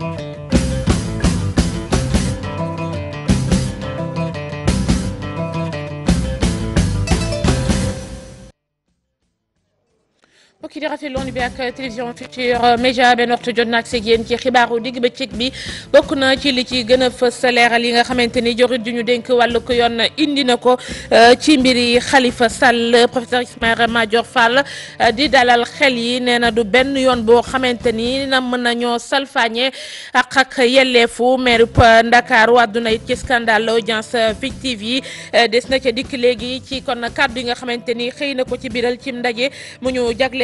thank you mbokk yi di rafetlu bi ak télévision Futurs Médias benn waxtu jot na ak seeg yéen ci xibaaru digg bëccëg bi bokk na ci li ci gën a fës leeral yi nga xamante ni jorit ñu dénk walla ko yoon indi na ko euh, ci mbiri Khalifa Sall professeur Ismaïla Madior Fall euh, di dalal xel yi nee na du benn yoon boo xamante ni na mën nañoo salfaañe ak ak yelleefu maire Ndakaaru euh, àdduna it ci scandale audience fictive yi des na ca dikk léegi ci kon kàddu yi nga xamante ni xëy na ko ci biral ci ndaje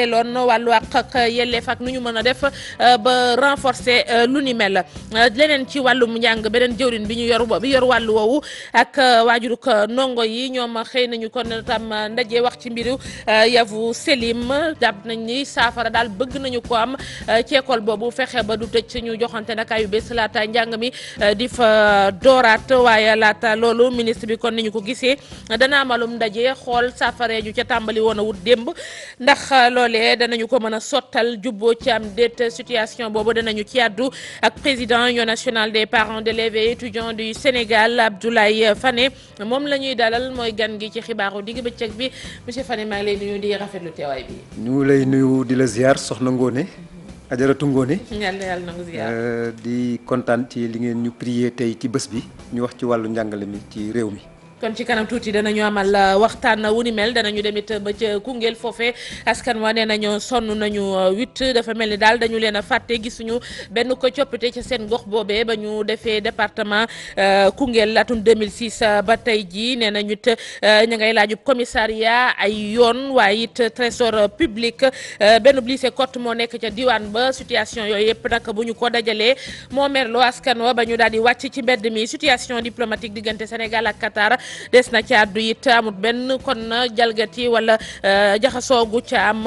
ñeeloon wàllu àq ak yelleef ak nu ñu mën a def euh, ba renforcer euh, lu ni mel euh, leneen ci wàllum njàng beneen jëwrin bi ñu yor bi yor wàllu woowu ak waajuru ndongo yi ñoom xëy nañu kon tam ndaje wax ci mbiru yavu Selim jàpp nañ ni saafara daal bëgg nañu ko am ci école boobu fexe ba du tëj ñu joxante nag ayu bés laata njàng mi di fa dooraat waaye laata loolu ministre bi kon ni ñu ko gisee dana amalum ndaje xool saafara ñu ca tàmbali woon a wut démb ndax loole loolee danañu ko mën a sottal jubboo ci am déet situation boobu danañu ci àddu ak président union nationale des parents d'élèves et étudiants du Sénégal Abdoulaye Fane moom la ñuy dalal mooy gan gi ci xibaaru digg bëccëg bi monsieur Fane maa ngi lay nuyu di rafetlu teewaay bi. ñu lay nuyu di la ziar soxna ngoone ajaratu ngoone yàlla yàlla na ko di kontaan ci li ngeen ñu prier tey ci bés bi ñu wax ci wàllu njàngale mi ci réew mi. kon ci kanam tuuti danañu amal euh, waxtaan wu ni mel danañu demit ba ca Koungheul foofee askan wa nee nañu sonn nañu euh, huit dafa mel ni daal dañu leen a fàtte gisuñu benn ko coppite ca seen gox boobee ba ñu defee département euh, Koungheul atum 2006 ba tey jii nee nañu it ña ngay laajub commissariat ay yoon waaye it trésor public benn lycée cot moo nekk ca diwaan ba situation yooyu yëpp nag bu ñu ko dajalee moo merloo askan wa ba ñu daal di wàcc ci mbedd mi situation diplomatique diggante Sénégal ak Qatar. des na ci àddu it amut benn kon jalgati wala euh, jaxasoogu ca am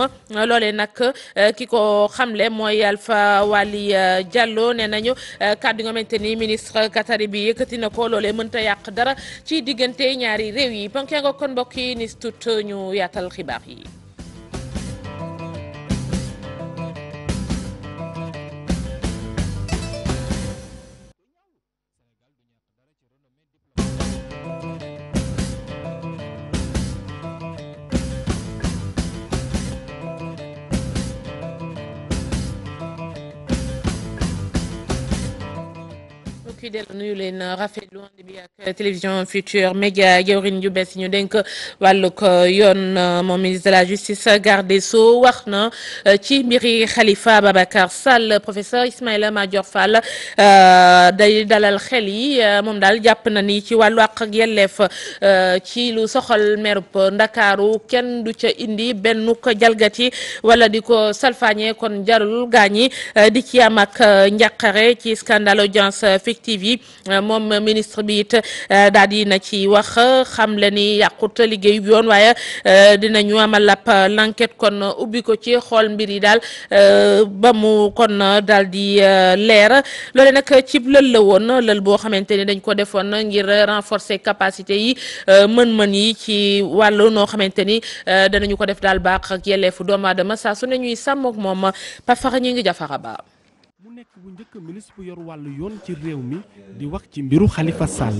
loole nag euh, ki ko xamle mooy Alpha Wali euh, Diallo nee nañu kàddu nga xamante ni ministre Katari bi yëkkati na ko loole mënta yàq dara ci diggante ñaari réew yi ponk nga kon mbokk yi ni ñu yaatal xibaar yi. koy dellu nuyu leen rafetlu ànd bi ak euh, télévision Futur Média jawrin ju bees ñu dénk euh, wàllug euh, yoon moom ministre de la justice garde des sceaux na ci mbiri Khalifa Babacar Sall professeur Ismaïla Madior Fall dalal xel yi moom daal jàpp na ni ci wàllu àq ak ci lu soxal merub Ndakaaru kenn du ca indi benn jalgati wala di ko salfaañe kon jarul gaañi di ci am ak ci scandale audience fictive initiative euh, yi moom ministre bi it euh, daal di na ci wax xam le ni yàqut liggéey bi yoon waaye euh, dinañu amal ab l'enquête kon ubbi ko ci xool mbir yi daal ba mu kon daal di leer loole nag cib lël la woon lël boo xamante ni dañ ko defoon ngir renforcer capacité yi mën-mën yi ci wàllu noo xamante ni danañu ko def daal baax ak yelleefu doomu aadama saa su ne ñuy sàmm moom pafara ñu ngi jafara ba mu nekk bu njëkk ministre bu yor wàllu yoon ci réew mi di wax ci mbiru Khalifa Sall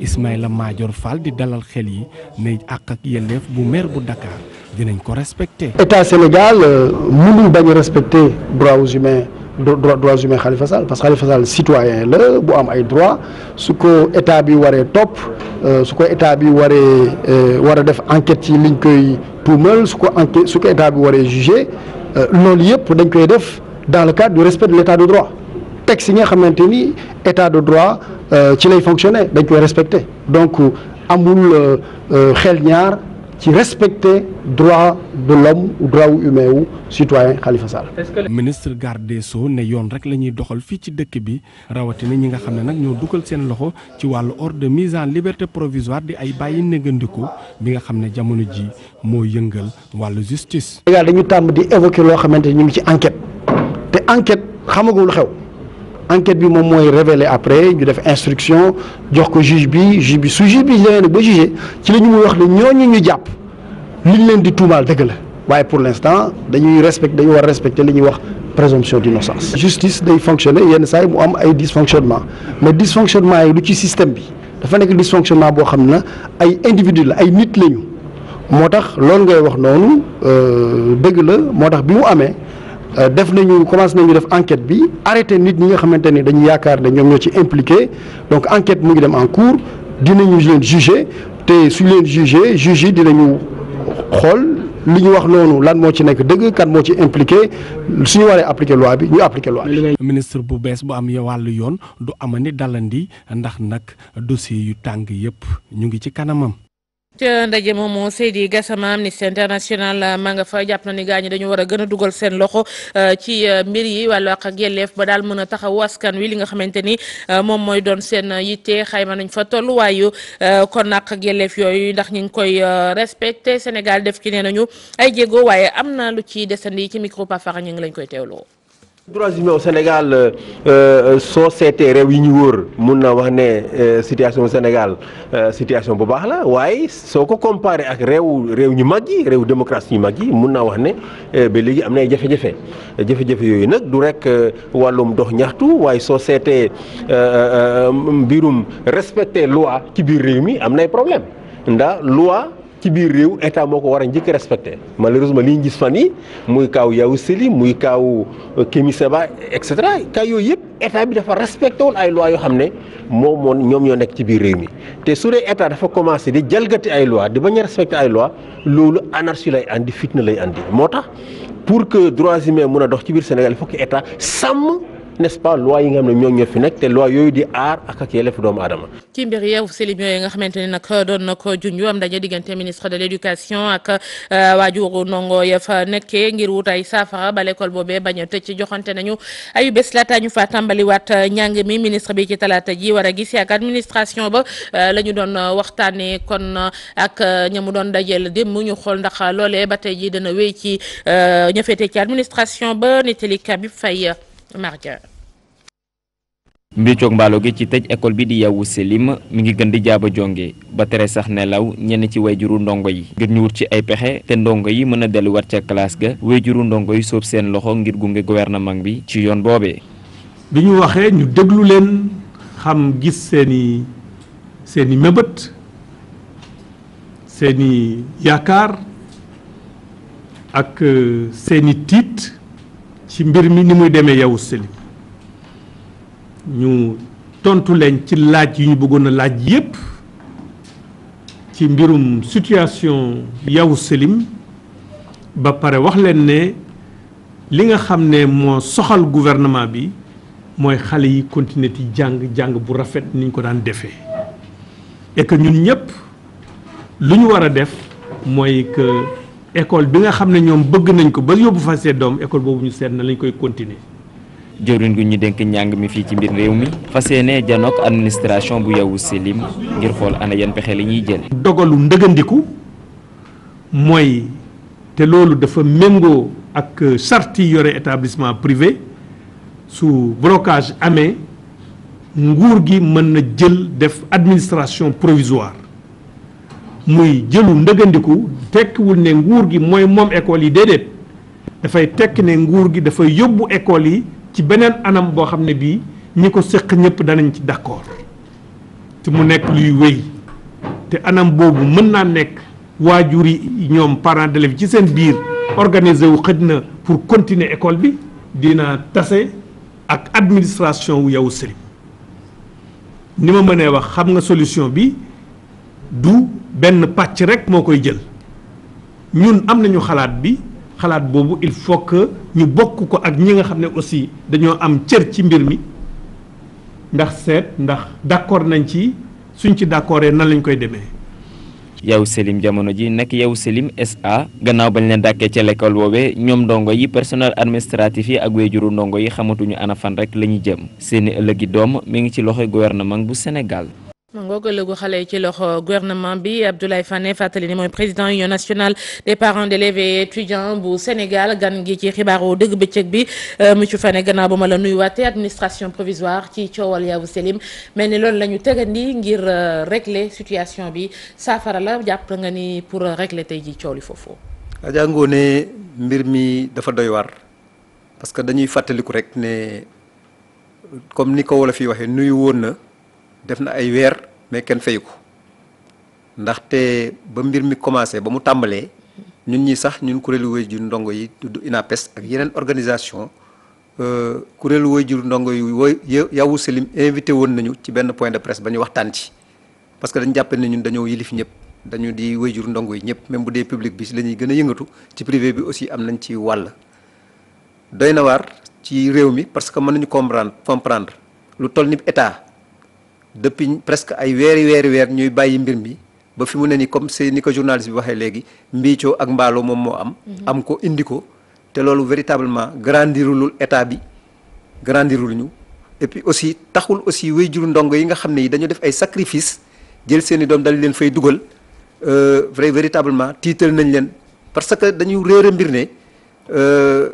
Ismaïla Madior Fall di dalal xel yi ne àq ak yelleef bu maire bu Dakar dinañ ko respecté. état Sénégal euh, mënul bañ a respecté droits humains droits humains Khalifa Sall parce que Khalifa Sall citoyen la bu am ay droit su ko état bi waree topp euh, su ko état bi waree euh, war a def enquête yi liñ koy tuumal su ko enquête su ko état bi waree jugé loolu yëpp dañ koy def. dans le cadre du respect de l'état de droit texte yi nga xamante ni état de droit euh, ci lay fonctionner dañ koy respecter donc euh, amul euh, xel ñaar ci respecter droit de l'homme ou droit wu humain wu citoyen Khalifa Sall. ministre garde des Sceaux ne yoon rek la ñuy doxal fii ci dëkk bi rawatina ñi nga xam ne nag ñoo dugal seen loxo ci wàllu ordre de mise en liberté provisoire di ay bàyyi négandiku bi nga xam ne jamono ji moo yëngal wàllu justice. Sénégal dañu tàmm di évoquer loo xamante ni ñu ngi ci enquête. te enquête xamagul xew enquête bi moom mooy révélé après ñu def instruction jox ko juge bi juge bi su juge bi demee nag ba jugé ci la ñu muy wax ne ñooñu ñu jàpp liñ leen di tuumaal dëgg la waaye pour l'instant dañuy respect dañu war respecter li ñuy wax présomption d'innocence justice day fonctionner yenn saa yi mu am ay dysfonctionnement mais dysfonctionnement yi lu ci système bi dafa nekk dysfonctionnement boo xam na ay individu la ay nit lañu moo tax loolu ngay wax noonu euh, dëgg la moo tax bi mu amee Euh, def nañu commencé nañu def enquête bi arrêté nit ñi nga xamante ni dañu yaakaar ne ñoom ñoo ci impliqué donc enquête mu ngi dem en cours dinañu leen jugé te suñ leen jugé juge yi dinañu xool li ñu wax noonu lan moo ci nekk dëgg kan moo ci impliqué suñu waree appliqué loi bi ñu appliqué loi bi. ministre bu bees bu am wàllu yoon du amani dalandi ndax nag dossier yu tàng yëpp ñu ngi ci kanamam. ca ndaje moomu Seydi Gassama Amnesty International ma nga fa jàpp na ni gaañu dañu war a gën a dugal seen loxo euh, ci euh, mbir yi wàllu ak yelleef ba daal mën a taxawu askan wi li nga xamante ni euh, moom mooy doon seen yitte xayma nañ fa tolluwaayu kon ak yelleef yooyu ndax ñu ngi koy respecté Sénégal def ci nee nañu ay jéego waaye am na lu ci desandi ci micro Pafara ñu ngi lañ koy teewloo. droits humains au Sénégal euh, euh, soo seetee réew yi ñu wóor mun naa wax ne euh, situation Sénégal situation bu baax la waaye soo ko comparé ak réew réew ñu mag yi réew démocratie ñu mag yi mun naa wax ne ba léegi am na ay jafe-jafe jafe yooyu nag du rek wàllum dox ñaxtu waaye soo seetee mbirum respecter loi ci biir réew mi am na ay problème ndax loi ci biir réew état moo ko war a njëkk respecté malheureusement li ñu gis fan yi muy kaaw Yawou Sely muy kaaw euh, Kémi Seba et cetera kaw yooyu yëpp état bi dafa respecté woon ay loi yoo xam ne moom moon ñoom ñoo nekk ci biir réew mi te su dee état dafa commencé di jalgati ay loi di bañ a respecté ay loi loolu anarchie lay andi fitna lay andi moo tax pour que droits humains mun a dox ci biir Sénégal il faut que sàmm n'est-ce pas loi yi nga xam ne ñoo fi nekk te loi yooyu di aar ak ak yelleef doomu aadama ci mbir yeewu selim yooyu nga xamante ne nag doon na ko junj am dañu diggante ministre de l'éducation ak euh, waajuru ya fa nekkee ngir wut ay saafara ba l'école boobee bañ a tëj joxante nañu ayu bés ñu fa tàmbaliwaat euh, njàng mi ministre bi ci talaata ji war a gis ak ba euh, la ñu doon waxtaanee kon ak ña mu doon dajeel démb ñu xool ndax loolee ba tey ji dana wéy ci ñëfete ci administration ba nettali Kabib Faye Marga. mbiccoog mbaalo gi ci tëj école bi di Yawu Selim mi ngi gën di jaaba jonge ba tere sax nelaw ñenn ci wayjuru ndongo yi ngir ñu wut ci ay pexe te ndongo yi mën a delluwaat ca classe ga wayjuru ndongo yi soob seen loxo ngir gunge gouvernement bi ci yoon boobee. bi ñu waxee ñu déglu leen xam gis seeni seeni mébét seeni yaakaar ak euh, seeni tiit. ci mbir mi ni muy demee Yavuz Selim ñu tontu leen ci laaj yu ñu bëggoon a laaj yépp ci mbirum situation Yavuz Selim ba pare wax leen ne li nga xam ne moo soxal gouvernement bi mooy xale yi continuer di jàng jàng bu rafet ni ñu ko daan defee et ñun ñépp lu ñu war a def mooy que. école bi nga xam ne ñoom bëgg nañ ko ba yóbbu fa doom école boobu ñu seet na lañ koy continuer. jëwriñ gu ñu denk njàng mi fii ci mbir réew mi fas yéene janoog administration bu Yavuz Selim ngir xool ana yan pexe la ñuy jël. dogalu ndëgëndiku mooy te loolu dafa méngoo ak sarti yi yore établissement privé su blocage amee nguur gi mën na jël def administration provisoire. muy jëlu ndëgëndiku tekkiwul ne nguur gi mooy moom école yi déedéet dafay tekki ne nguur gi dafay yóbbu école yi ci beneen anam boo xam ne bii ñi ko séq ñëpp danañ ci d'accord te mu nekk luy wéy te anam boobu mën naa nekk waajur yi ñoom parents d'élèves ci seen biir organiser wu xëj na pour continuer école bi dina tase ak administration wu yow sëriñ ni ma mënee wax xam nga solution bi du benn pàcc rek moo koy jël ñun am nañu xalaat bi xalaat boobu il faut que ñu bokk ko ak ñi nga xam ne aussi dañoo am cër ci mbir mi ndax seet ndax d'accord nañ ci suñ ci d'accordee nan lañ koy demee. yow Selim jamono ji nekk yow Selim SA gannaaw bañ leen dàkkee ca l'école boobee ñoom ndongo yi personnel administratif yi ak wéyjuru ndongo yi xamatuñu ana fan rek la ñuy jëm seeni ëllëgi doom mi ngi ci loxoy gouvernement bu senegal ngoo ëllëgu xale yi ci loxo gouvernement bi Abdoulaye Fane fàttali ni mooy président union nationale des parents d'élèves et étudiants bu Sénégal gan gi ci xibaaru dëgg bëccëg bi euh, monsieur Fane gannaaw ba ma la nuyuwaatee administration provisoire ci coowal Yavuz Selim mel ni loolu la ñu tegandi ngir euh, régler situation bi saafara la jàpp nga ni pour euh, régler tey ji coow li foofu. Adja Ngoné mbir mi dafa doy waar parce dañuy fàttaliku rek ne comme ni ko wolof yi waxee def na ay weer mais kenn fayu ko ndaxte ba mbir mi commencé ba mu tàmbalee ñun ñi sax ñun kuréelu waajur ndongo yi du INAPES ak yeneen organisation euh, kuréelu waajur ndongo yi wooy Yavuz Selim invité woon nañu ci benn point de presse ba ñu waxtaan ci parce que dañ jàppe ne ñun dañoo yilif ñëpp dañu di waajur ndongo yi ñëpp même bu dee public bi si la ñuy gën a yëngatu ci privé bi aussi am nañ ci wàll doy na waar ci réew mi parce que mën nañu comprendre comprendre lu toll ni état depuis presque ay weeri weeri weer ñuy bàyyi mbir mi ba fi mu ne nii comme c'est ni ko journaliste bi waxee léegi mbiicoo ak mbaaloo moom moo am mhm. am ko indi ko te loolu véritablement grandirulul état bi grandirul ñu et aussi taxul aussi wéy juru ndongo yi nga xam ne yi dañoo def ay sacrifice jël seeni i doom dal leen fay dugal euh, vrai véritablement tiital nañ leen parce que dañu réer a mbir ne euh,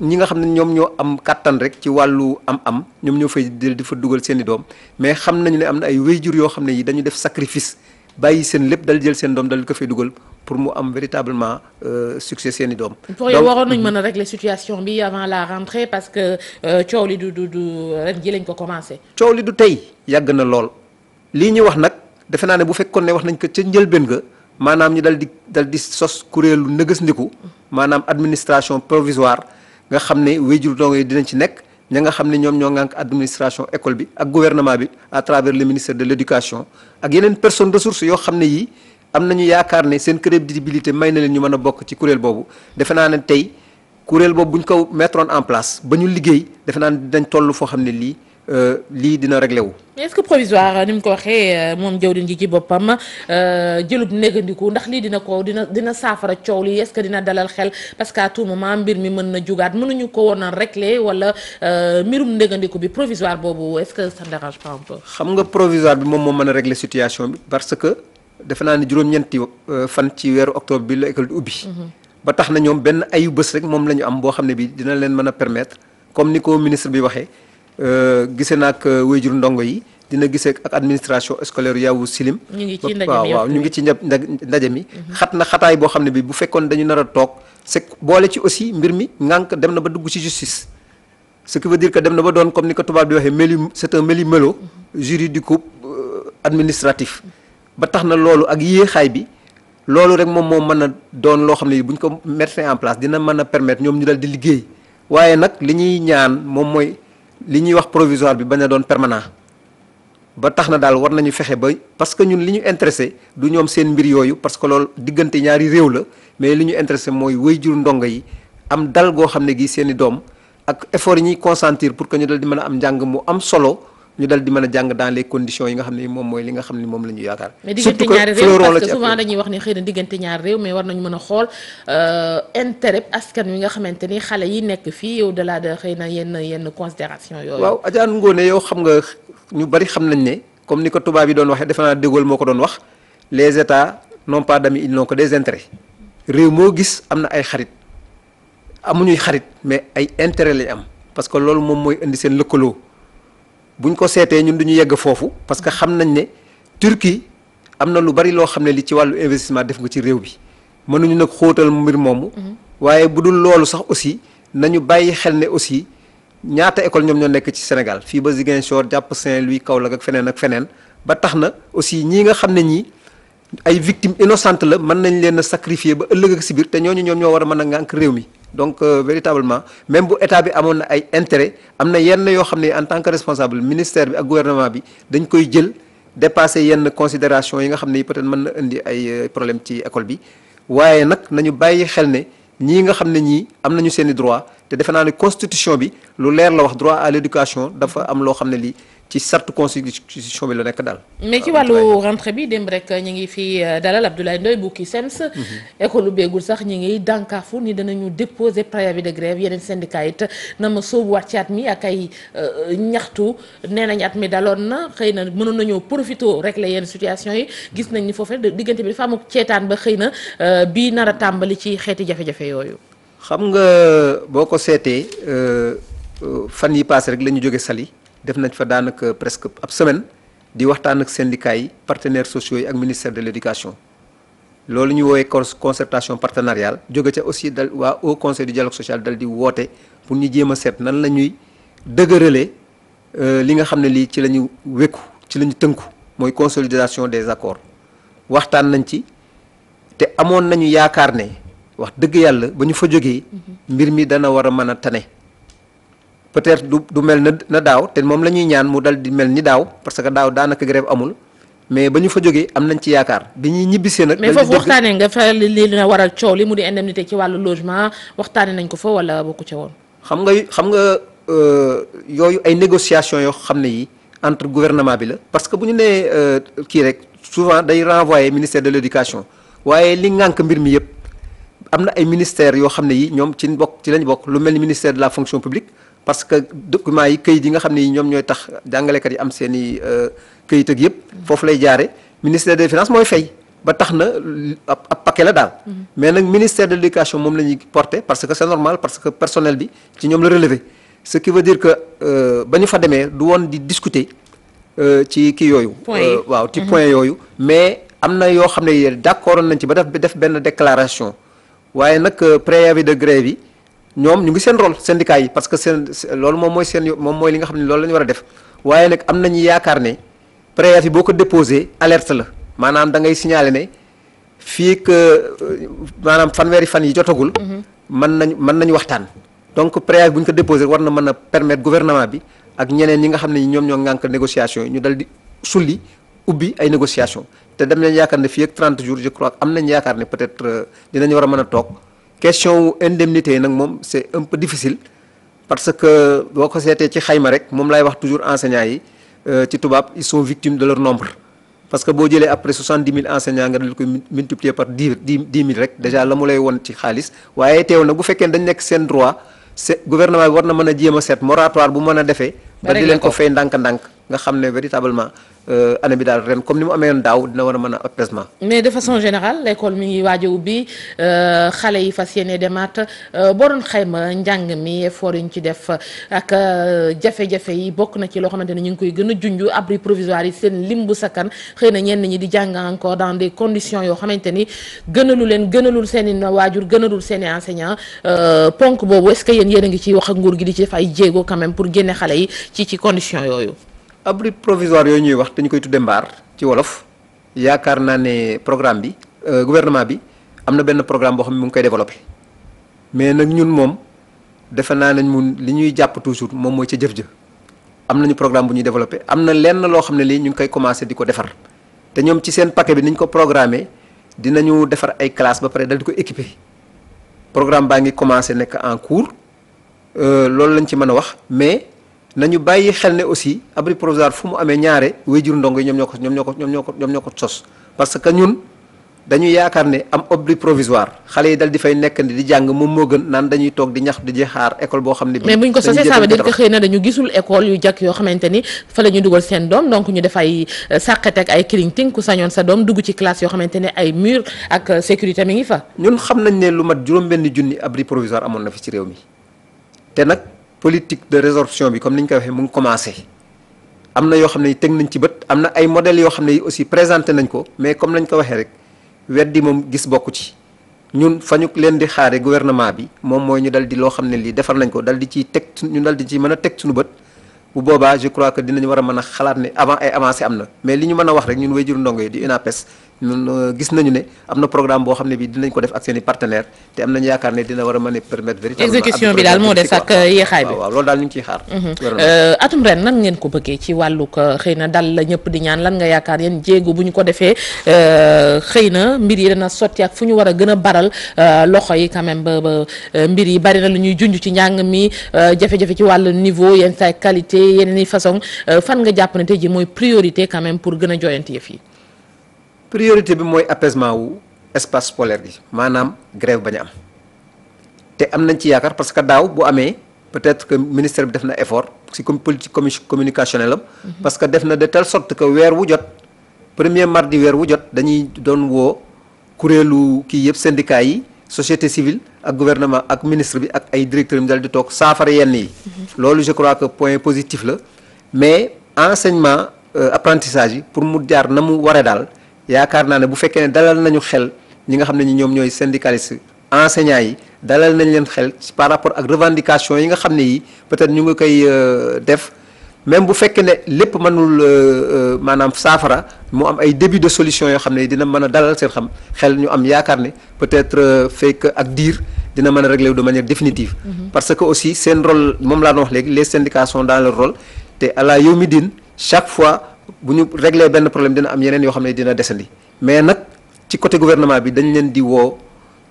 ñi nga xam ne ñoom ñoo am kàttan rek ci wàllu am-am ñoom ñoo fay di fa dugal seen i doom mais xam nañu ne am na ay wéy wéyjur yoo xam ne yi dañu def sacrifice bàyyi seen lépp dal jël seen doom dal ko fay dugal pour mu am véritablement euh, succès seen i doom. pour yow waroon nañ mën a régler situation bi avant la rentrée parce que euh, coow li du du du ji lañ ko commencé. coow li du tey yàgg na lool lii ñuy wax nag defe naa ne bu fekkoon ne wax nañ ko njëlbeen ga. maanaam ñu dal di dal di sos kuréelu nëgësndiku maanaam administration provisoire nga xam ne wéyjur dong yi dinañ ci nekk ña nga xam ne ñoom ñoo ngànk administration école bi ak gouvernement bi à travers le ministère de l'éducation ak yeneen personnes ressources yoo xam ne yii am nañu yaakaar ne seen crédibilité may na leen ñu mën a bokk ci kuréel boobu defe naa ne tey kuréel boobu bu ñu ko mettroon en place ba ñu liggéey defe naa ne dinañ toll foo xam ne lii Euh, lii dina réglé wu. est-ce que provisoire ni mu ko waxee euh, moom jëwriñ ji ci boppam euh, jëlub négandiku ndax lii dina ko dina dina saafara coow li est-ce que dina dalal xel parce que à tout moment mbir mi mën na jugaat mën nañu ko woon a réglé wala mbirum négandiku bi provisoire boobu est-ce que ça ne xam nga provisoire bi moom moo mën a réglé situation bi parce que defe naa ne juróom-ñeenti fan ci weeru octobre bi la école di ubbi. Mhm. ba tax na ñoom benn ayu bés rek moom la ñu am boo xam ne bi dina leen mën a permettre comme ni ko ministre bi waxee. Euh, gisee naag euh, wéyjur ndongo yi dina gisee ak administration scolaire Yawou Silim. ñu ngi ci ndaje waaw waaw ñu ngi ci ndaje mi. Mhm. xat na xataay boo xam ne bi bu fekkoon dañu nar a toog c' boole ci aussi mbir mi ngànk dem na ba dugg ci justice. ce qui veut dire dem na ba doon comme ni ko tubaab di waxee méli c' est un méli mélo mhm. juridico euh, administratif. ba tax na loolu ak yéexaay bi loolu rek moom moo mën a doon loo xam ne bu ñu ko mettre en place dina mën a permettre ñoom ñu dal di liggéey waaye nag li ñuy ñaan moom mooy. li ñuy wax provisoire bi bañ a doon permanent ba tax na daal war nañu fexe ba parce que ñun li ñu intéressé du ñoom seen mbir yooyu parce que loolu diggante ñaari réew la mais li ñu intéressé mooy jur ndongo yi am dal goo xam ne gi seen i doom ak effort yi ñuy consentir pour que ñu dal di mën a am njàng mu am solo ñu dal di mën a jàng dans les conditions yi nga xam ne moom mooy li nga xam ne moom la ñu yaakaar. surtout que fleuron la ci mais diggante ñaari réew dañuy wax ne xëy na diggante ñaari réew euh, askan wi nga xamante ni xale yi nekk fii au delà de xëy na yenn yenn considération yooyu. waaw Adja Ngoné yow xam nga ñu bari xam nañ ne comme ni ko tubaab yi doon waxee defe naa moo ko doon wax les états n'ont pas d'amis ils n'ont que des intérêts réew moo gis am na ay xarit amuñuy xarit mais ay intérêt lañ am parce que loolu moom mooy indi seen lëkkaloo buñ ko seetee ñun du yegg foofu parce que xam nañ ne Turquie am na lu bari loo xam ne li ci wàllu investissement def nga ci réew bi nañu nag xóotal mbir moomu. Mhm. waaye bu dul loolu sax aussi nañu bàyyi xel ne aussi ñaata école ñoom ñoo nekk ci Sénégal fii ba Ziguinchor jàpp Saint-Louis Kaolack ak feneen ak feneen ba tax na aussi ñii nga xam ne ñii ay victimes innocentes la mën nañ leen a sacrifier ba ëllëg ak si biir te ñooñu ñoom ñoo war a mën a ngànk réew mi. donc euh, véritablement même bu état bi amoon na ay intérêt am na yenn yoo xam ne en tant que responsable ministère bi ak gouvernement bi dañ koy jël dépasser yenn considération yi nga xam ne peut-être mën na indi ay euh, problème ci école bi waaye nag nañu bàyyi xel ne ñii nga xam ne ñii am nañu seen i droit te defe naa ne constitution bi lu leer la wax droit à l'éducation dafa am loo xam ne lii ci charte constitution bi la nekk daal. mais ci euh, wàllu rentrée bi démb rek ñu ngi fi euh, dalal Abdoulaye Ndoye bu CUSEMS. Mhm. école ubbeegul sax ñu ngi dànkaafu ni danañu déposer préavis de grève yeneen syndicat it na ma sóobuwaat ci at mi ak ay euh, ñaxtu nee nañ at mi daloon na xëy na mënoon nañoo profité la yenn situation yi gis nañ ni foofu rek diggante bi dafa am ceetaan ba xëy na bii nar a tàmbali ci xeeti jafe-jafe yooyu. xam nga boo ko seetee fan yi paase la ñu jóge Saly. def nañ fa daanaka presque ab semaine di waxtaan ak syndicats yi partenaire sociaux yi ak ministère de l' éducation loolu ñu woowee concertation partenariale jóge ca aussi dal waa au conseil du dialogue social dal di woote pour ñu jéema seet nan la ñuy dëgëralee euh, li nga xam ne lii ci la ñu wékku ci la tënku mooy consolidation des accords waxtaan nañ ci te amoon nañu yaakaar ne wax dëgg yàlla ba ñu fa jógee mm-hmm. mbir mi dana war a mën a tane. peut-être du du mel na na daaw te moom la ñuy ñaan mu dal di mel ni daaw parce que daaw daanaka grève amul mais ba ñu fa jógee am nañ ci yaakaar bi ñuy ñibbisee nag. mais foofu waxtaanee nga fa li na waral coow li mu di ci wàllu logement waxtaanee nañ ko fa wala bokku ca woon. xam nga xam nga euh, yooyu ay négociation yoo xam ne yi entre gouvernement bi la. parce que bu ñu nee euh, kii rek souvent day renvoyer ministère de l'éducation waaye li ngànk mbir mi yëpp am na ay ministères yoo xam ne yi ñoom ci bokk ci lañ bokk lu mel ni ministère de la fonction publique. parce que documents yi këyit yi nga xam ni ñoom ñooy tax jàngalekat yi am seeni i euh, këyit ak mm-hmm. foofu lay jaare ministère des finances mooy fay ba tax na ab paquet la daal mm-hmm. mais nag ministère de l'éducation moom la ñuy porter parce que c'est normal parce que personnel bi ci ñoom la relevé ce qui veut dire que euh, ba ñu fa demee du woon di discuter euh, ci kii yooyu waaw ci mm-hmm. point yooyu mais am na yoo xam ne d'accord nañ ci ba def def benn déclaration waaye nag préavis de grève yi ñoom ñu ngi seen rôle syndicat yi parce que seen loolu moom mooy seen moom mooy li nga xam ne loolu la war a def waaye nag am na nañu yaakaar ne préavis boo ko déposé alerte la maanaam da ngay signaler ne fii que euh, maanaam fanweeri fan yi jotagul. man mm-hmm. nañu mën nañu waxtaan. donc préavis bu ñu ko déposé war na mën a permettre gouvernement bi ak ñeneen ñi nga xam ne ñoom ñoo ngànk négociation yi ñu dal di sulli ubbi ay négociation te dem nañ yaakaar ne fii ak 30 jours je am nañ yaakaar ne peut-être euh, dinañ war a mën a toog. question wu indemnité yi nag moom c'est un peu difficile parce que boo ko seetee ci xayma rek moom laay wax toujours enseignants yi euh, ci tubaab ils sont victimes de leur nombre parce que boo jëlee après soixante-dix mille enseignants nga dal koy multiplier par dix dix mille rek déjà la mu lay won ci xaalis waaye teewul nag bu fekkee dañ nekk seen droit c'est gouvernement bi war na mën a jéema seet moratoire bu mën a defee ba di leen ko fay ndànk-ndànk nga xam ne véritablement Euh, année bi daal ren comme ni mu amee yoon daaw dina war a mën a apaisement. mais de façon générale l'école mi ngi waaj a ubbi euh, xale yi fas yéene demaat euh, boo doon xayma njàng mi effort yi ñu ci def ak jafe-jafe yi bokk na ci loo xamante ne ñu ngi koy gën a junj abri provisoire yi seen lim bu sakkan xëy na ñenn ñi di jàng encore dans des conditions yoo xamante ni gënalu leen gënalul seen i waajur gënalul seen i enseignants ponk boobu est-ce que yéen yéen ngi ciy wax ak gi di ci def ay jéego quand même pour génne yi ci ci conditions yooyu. abri provisoire yooyu ñuy wax te ñu koy tudde mbaar ci wolof yaakaar naa ne programme bi euh, gouvernement bi am na benn programme boo xam ne mu ngi koy développé mais nag ñun moom defe naa nañ mun li ñuy jàpp toujours moom mooy ca jëf-jëf am nañu programme bu ñuy développé am na lenn loo xam ne lii ñu ngi koy commencé di ko defar te ñoom ci seen paquet bi niñ ko dina dinañu defar ay classes ba pare dal di ko équipe programme baa ngi commencé nekk en cours euh, loolu lañ ci mën a wax mais nañu bàyyi xel ne aussi abri provisoire fu mu amee ñaare wéyjur ndongo yi ñoom ñoo ko ñoom ñoo ko ñoom ñoo ko ñoom ñoo ko sos parce que ñun dañu yaakaar ne am abri provisoire xale yi dal di fay nekk di jàng moom moo gën naan dañuy toog di ñax di xaar école boo xam ne mais buñ ko sosee ça veut dire que xëy na dañu gisul école yu jàkk yoo xamante ni fa la ñu dugal seen doom donc ñu def ay euh, sàqet ak ay kiringting ku sañoon sa doom dugg ci classe yoo xamante ne ay mur ak euh, sécurité mi ngi fa ñun xam nañ ne lu mat juróom benn junni abri provisoire amoon na fi ci réew mi te nag politique de résorption bi comme ni ñu ko waxee mu ngi commencé am na yoo xam ne teg nañ ci bët am na ay modèles yoo xam ne aussi présenté nañ ko mais comme lañ ko waxee rek weddi moom gis bokk ci ñun fa ñu leen di xaare gouvernement bi moom mooy ñu dal di loo xam ne lii defar nañ ko dal di ciy teg ñu dal di ci mën a teg suñu bët bu boobaa je crois que dinañ war a mën a xalaat ne avant ay avancé am na mais li ñu mën a wax rek ñun wéyjur ndongo yi di loolu euh, gis nañu ne am na programme boo xam ne bi dinañ ko def ak seen i te am nañu yaakaar ne dina war a mën a permettre véritablement bi daal moo des ak euh, yeexaay bi waaw loolu daal ñu ngi ciy xaar mhm. euh, atum ren nan ngeen ko bëggee ci wàllu xëy na dal la ñëpp di ñaan lan nga yaakaar yéen jéego bu ñu ko defee xëy na mbir yi dana sotti ak fu ñu war a gën a baral loxo yi quand ba ba mbir yi bari na lu ñuy junj ci njàng mi jafe-jafe ci wàllu niveau yenn saay qualité yeneen yi façon fan nga jàpp ne tey ji mooy priorité quand même pour gën a joyante yëf yi priorité bi mooy apaisement wu espace scolaire bi maanaam grève bañ a am te am nañ ci yaakaar parce que daaw bu amee peut-être que ministère bi def na effort si comme politique communicationnelle am. Mm-hmm. parce que def na de telle sorte que weer wu jot premier mardi weer wu jot dañuy doon woo kuréelu kii yëpp syndicat yi société civile ak gouvernement ak ministre bi ak ay directeurs yi dal di toog saafara yenn yi. Mm-hmm. loolu je crois que point positif la mais enseignement euh, apprentissage yi pour mu jaar na mu waree daal. yaakaar naa ne bu fekkee ne dalal nañu xel ñi nga xam ne ñi ñoom ñooy syndicaliste enseignants yi dalal nañ leen xel par rapport ak revendication yi nga xam ne yi peut-être ñu ngi koy euh, def même bu fekkee ne lépp mënul euh, euh, maanaam saafara mu am ay début de solution yoo xam ne dina mën a dalal seen xam xel ñu am yaakaar ne peut-être fekk ak diir dina mën a régler de manière définitive mm-hmm. parce que aussi seen rôle moom laa doon wax léegi les syndicats sont dans leur rôle te à la chaque fois bu ñu réglé benn problème dina am yeneen yoo xam ne dina desandi mais nag ci côté gouvernement bi dañu leen di woo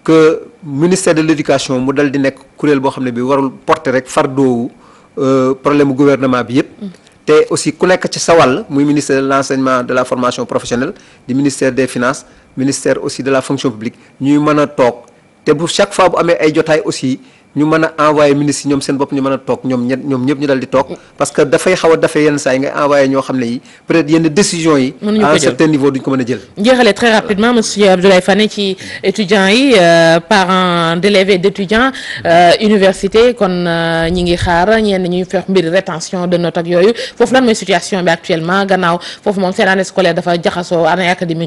que ministère de l'éducation mu dal di nekk kuréel boo xam ne bi warul porté rek far fardoowu euh, problème gouvernement bi yépp mm. te aussi ku nekk ci sawal muy ministère de l'enseignement de la formation professionnelle di ministère de finances ministère aussi de la fonction publique ñuy mën a toog te bu chaque fois bu amee ay jotaay aussi ñu mën a envoyé ministre yi ñoom seen bopp ñu mën a toog ñoom ñet ñu dal di toog parce que dafay xaw dafay yenn saa yi nga envoyé ñoo xam ne yi peut yenn décision yi à un certain niveau ko mën a jël njeexale très rapidement monsieur Abdoulaye Fane ci étudiants yi euh, parents euh, université kon euh, ñi ngi xaar ñenn ñuy fex mbir rétention de notes ak yooyu foofu lan mooy situation bi actuellement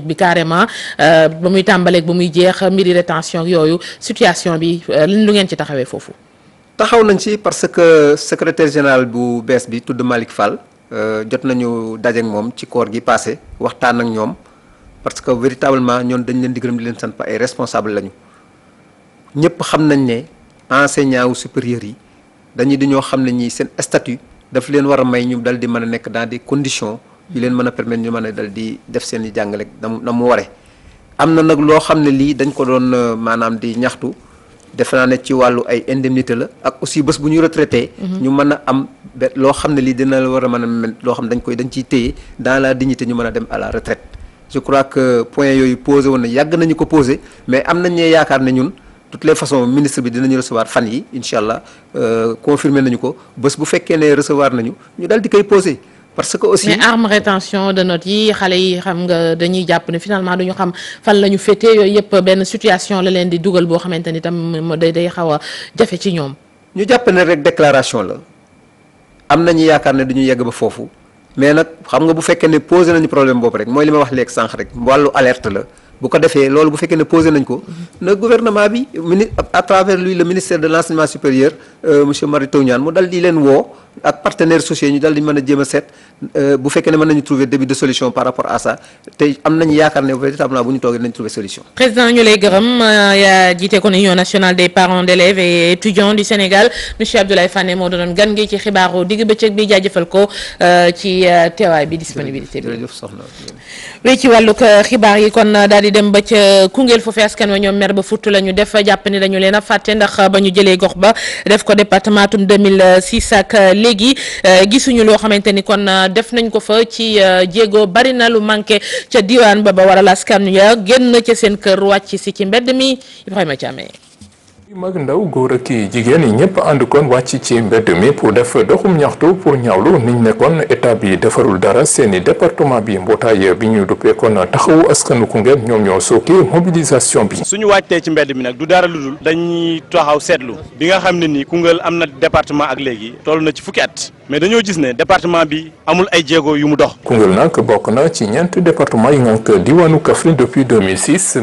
bi carrément ba muy tàmbaleeg ba muy jeex mbiri rétention yooyu situation bi lu ngeen ci taxawee foofu taxaw nañ si parce que secrétaire général bu bees bi tudd Malick Fall euh, jot nañu daje moom ci koor gi passé waxtaan ak ñoom parce que véritablement ñoom dañ leen di gërëm di leen san sant ay responsable lañu ñëpp xam nañ ne enseignant wu supérieur yi dañuy di ñoo xam ne ñi seen statut daf leen war a may ñu dal di mën a nekk dans di condition yu leen mën a permettre ñu mën a dal di def seen i jàngale na mu ware am na nag loo xam ne lii dañ ko doon euh, maanaam di ñaxtu. defe naa ne ci wàllu ay indemnité la ak aussi bés bu ñu retraité. Mhm. ñu mën a am bet loo xam ne lii dina la war a mën a mel loo xam dañ koy dañ ciy téye dans la dignité ñu mën a dem à la retraite je crois que point yooyu posé woon na yàgg nañu ko posé mais am nañ ñee yaakaar ne ñun toutes les façons ministre bi dinañu recevoir fan yi incha allah euh, confirmé nañu ko bés bu fekkee ne recevoir nañu ñu dal di koy posé. parce que aussi mais arme rétention de not yi xale yi xam nga dañuy jàpp ne finalement duñu xam fan la ñu féete yooyu yëpp benn situation la leen di dugal boo xamante ni tam day day xaw a jafe ci ñoom. ñu jàpp ne rek déclaration la am ñu yaakaar ne duñu yegg ba foofu mais nag xam nga bu fekkee ne pose nañu problème boobu rek mooy li ma wax léegi sànq rek wàllu alerte la. bu ko defee loolu bu fekkee ne posé nañ ko na gouvernement bi mini à travers lui de l' enseignement supérieur euh, monsieur Mary Teuw Niane di leen woo ak partenaires sociaux dal di mën a jéem a seet Euh, bu fekkee ne mën nañu trouver de solution par rapport à ça te am nañu yaakaar ne bu ñu toogee nañu trouver solution. président ñu lay gërëm euh, yaa jiite ko union nationale des parents d'élèves et étudiants du Sénégal monsieur Abdoulaye Fane moo doon gan gi ci xibaaru digg bëccëg bi jaajëfal ko euh, ci teewaay bi disponibilité bi. jërëjëf soxna xibaar yi kon daal di dem ba ca Koungheul foofee askan wa ñoom mer ba futt la def jàpp ni dañu leen a fàtte ndax ba def nañ ko fa ci euh, jéego bari na lu manqué ca diwaan ba ba waral askan ya génn ca seen kër wàcc si ci mbedd mi Ibrahima Thiamé mag ndaw góor ak i jigéen yi ñëpp ànd koon wàcc ci mbedd mi pour def doxum ñaxtu pour ñaawlu niñ nekkoon état bi defarul dara seeni département bi mbootaay bi ñu duppeekoon taxawu askanu Koungheul ñoom ñoo sooke mobilisation bi suñu wàccee ci mbedd mi nag du dara lu dul dañuy taxaw seetlu bi nga xam ne nii Koungheul am na département ak léegi toll na ci fukki at mais dañoo gis ne département bi amul ay jéego yu mu dox Koungheul nag bokk na ci ñeent département yi ngànk diwaanu Kaffrine depuis 2006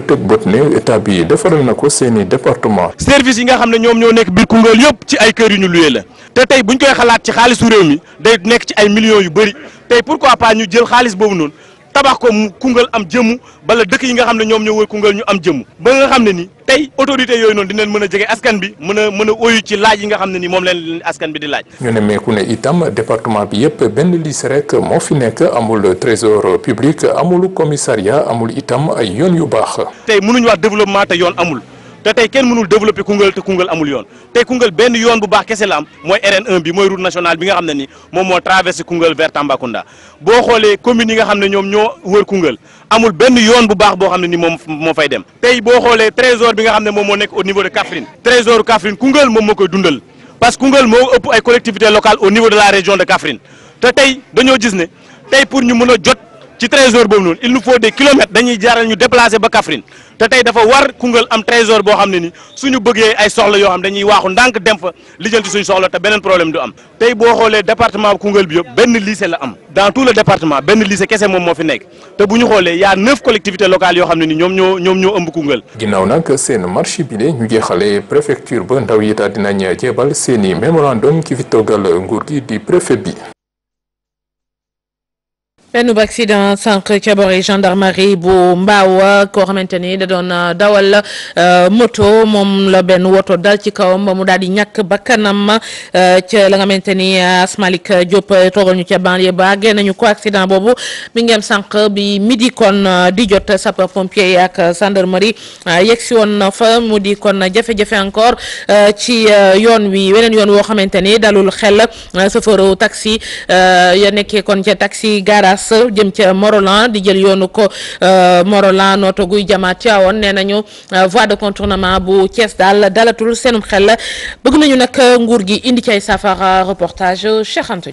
la teg bët ne état bi defaral na ko seen i département service yi nga xam ne ñoom ñoo nekk biir Koungheul yëpp ci ay kër yu ñu luye la te tey buñ koy xalaat ci xaalisu réew mi day nekk ci ay million yu bëri tey pourquoi pas ñu jël xaalis boobu noonu tabax ko mu Koungheul am jëmm bala dëkk yi nga xam ne ñoom ñoo wër Koungheul ñu am jëm ba nga xam ne ni tey autorité yooyu noonu dinañ mën a jege askan bi mën a mën a oyu ci laaj yi nga xam ne ni moom leen askan bi di laaj ñu ne meeku ne itam département bi yëpp benn liis rek moo fi nekk amul trésor public amul commissariat amul itam ay yoon yu baax tey mënuñu wax développement te yoon amul te tey kenn mënul développer Koungheul te Koungheul amul yoon tey Koungheul benn yoon bu baax kese la am mooy rn bi mooy route nationale bi nga xam ne ni moom moo traversé Koungheul vers Tambacounda boo xoolee communes yi nga xam ne ñoom ñoo wër Koungheul amul benn yoon bu baax boo xam ne ni moom moo fay dem tey boo xoolee trésor bi nga xam ne moom moo nekk au niveau de Kaffrine trésor Kaffrine Koungheul moom moo koy dundal parce que Koungheul moo ëpp ay collectivités locales au niveau de gis ne pour ñu mën a jot ci trésor boobu noonu il nous faut des kilomètres dañuy jaral ñu déplacer ba Kaffrine te tey dafa war Koungheul am trésor boo xam ne ni ñu bëggee ay soxla yoo xam ne dañuy waaxu ndànk dem fa lijjanti suñu soxla te beneen problème du am tey boo xoolee département Koungheul bi yëpp benn lycée la am dans tout le département benn lycée kese moom moo fi nekk te bu ñu xoolee y a neuf collectivités locales yoo xam ne ni ñoom ñoo ñoo ëmb Koungheul ginnaaw nag seen marché bi ñu jeexalee préfecture ba ndaw yi daal dinañ jéebal i mémorandum ki fi toogal nguur benn bu accident sànq ca boori gendarmerie bu Mbaaw koo xamante ni da doon euh, dawal euh, moto moom la benn woto dal ci kawam ba mu daal di ñakk bakkanam ma euh, ca la nga ni Asmalik Diop toogal ñu ca banlieue ba génn nañu ko accident boobu mi ngi am sànq bi midi kon di jot sapeur pompier ak gendarmerie yegg si woon fa mu di kon jafe-jafe encore ci yoon wi weneen yoon woo xamante ni dalul xel chauffeur taxi ya nekkee kon ca taxi garage. Fass jëm ca Morolan di jël yoonu ko euh, Morolan nooto guy jama Tiwaawoon nee nañu euh, voie de contournement bu Thiès daal dalatul seenum xel bëgg nañu nag euh, nguur gi indi ci ay safara reportage Cheikh Anta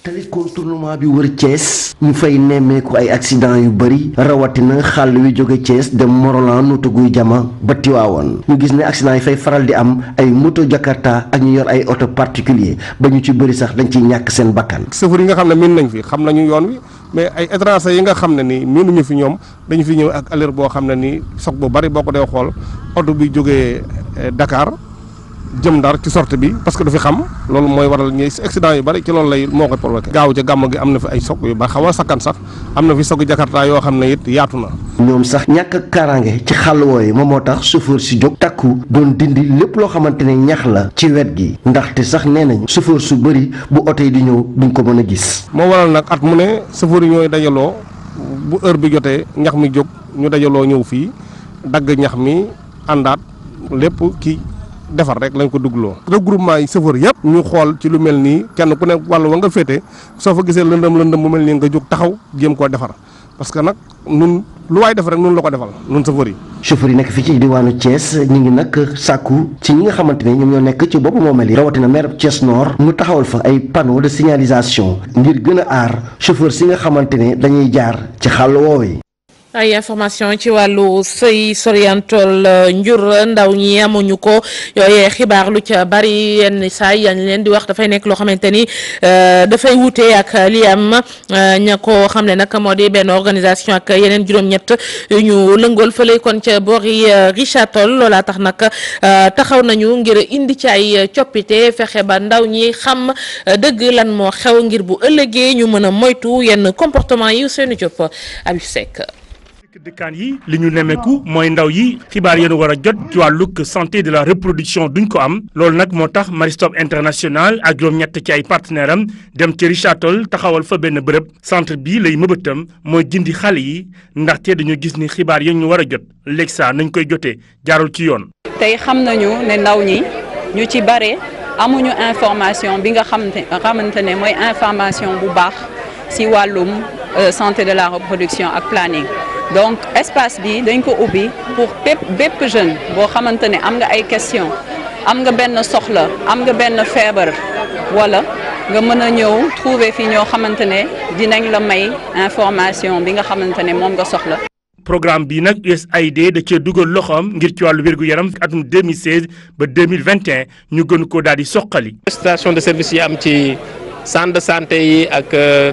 tali tournement bi wër Thiès ñu fay nemmeeku ay accident yu bëri rawatina xàll wi jóge Thiès dem Morolan Nottoguy Jama ba Tiwaawoon ñu gis ne accident yi fay faral di am ay moto Jakarta ak ñu yor ay oto particulier ba ñu ci bëri sax dañ ciy ñàkk seen bakkan chauffeur yi nga xam ne miin nañ fi xam nañu yoon wi mais ay étranger yi nga xam ne nii miinuñu fi ñoom dañu fi ñëw ak allure boo xam ne nii soog bu bari boo ko dee xool oto bi jógee eh, dakaar jëm ndar ci sorte bi parce que du fi xam loolu mooy waral ñuy accident yu bari ci loolu moo koy provoqué gaaw ca gi am na fi ay sog yu baax xaw a sakkan am na fi sogu jakarta yoo xam ne it yaatu na ñoom sax ñàkk kaaraange ci xàll wooyu moom moo tax chauffeur si jóg takku doon dindi lépp loo xamante ne ñax la ci wet gi ndaxte sax nee nañ chauffeur su bëri bu oto di ñëw duñ ko mën a gis moo waral nag at mu ne chauffeur yi ñooy dajaloo bu heure bi jotee ñax mi jóg ñu dajaloo ñëw fii dagg ñax mi àndaat lépp ki defar rek lañ ko dugloo regroupement yi chauffeur yëpp ñu xool ci lu mel nii kenn ku nekk wàllu wa nga féete soo fa gisee lëndëm lëndëm bu mel nii nga jóg taxaw jéem koo defar parce que nag nun lu waay def rek nun la ko defal nun chauffeur yi chauffeur yi nekk fii ci diwaanu Thiès ñu ngi nag sàkku ci ñi nga xamante ne ñoom ñoo nekk ci bopp moo mel yi rawatina maire Thiès noor mu taxawal fa ay panneaux de signalisation ngir gën a aar chauffeur si nga xamante ne dañuy jaar ci xàll woowee ay information ci wàllu soy soriantol euh, njur ndaw ñi amuñu ko yooyee xibaar lu ca bari yenn saay yañ leen di wax dafay nekk loo xamante ni euh, dafay wute ak li am euh, ña ko xam ne nag moo di benn organisation ak yeneen juróom-ñett yu ñu lëngool fële kon ca boori Richard Toll loola tax nag taxaw nañu ngir indi ci ay coppite fexe ba ndaw ñi xam dëgg lan moo xew ngir bu ëllëgee ñu mën a moytu yenn comportement yi seenu jop Habib Seck dëkkaan yi li ñu nemeeku mooy ndaw yi xibaar yéen war jot ci wàllug santé de la reproduction duñ ko am loolu nag moo tax Marie Stopes International ak juróom-ñett ci ay partenaire am dem ci Richard Toll taxawal fa benn bërëb centre bii lay mëbëtam mooy jindi xale yi ndax te dañoo gis ni xibaar yéen ñu war a jot léegi saa nañ koy jotee jaarul ci yoon. tey xam nañu ne ndaw ñi ñu ci bare amuñu information bi nga xamante ne mooy information bu baax. si wàllum euh, santé de la reproduction ak planning donc espace bi dañ ko ubbi pour bépp bépp jeune boo xamante ne am nga ay question am nga benn soxla am nga benn feebar wala nga mën a ñëw trouver fii ñoo xamante ne dinañ la may information bi nga xamante ne moom nga soxla. programme bi nag USAID da cee dugal loxoom ngir ci wàllu wér-gu-yaram atum 2016 ba 2021 ñu gën ko daal di soqali. prestation de service yi am ci centre de santé yi ak. Euh,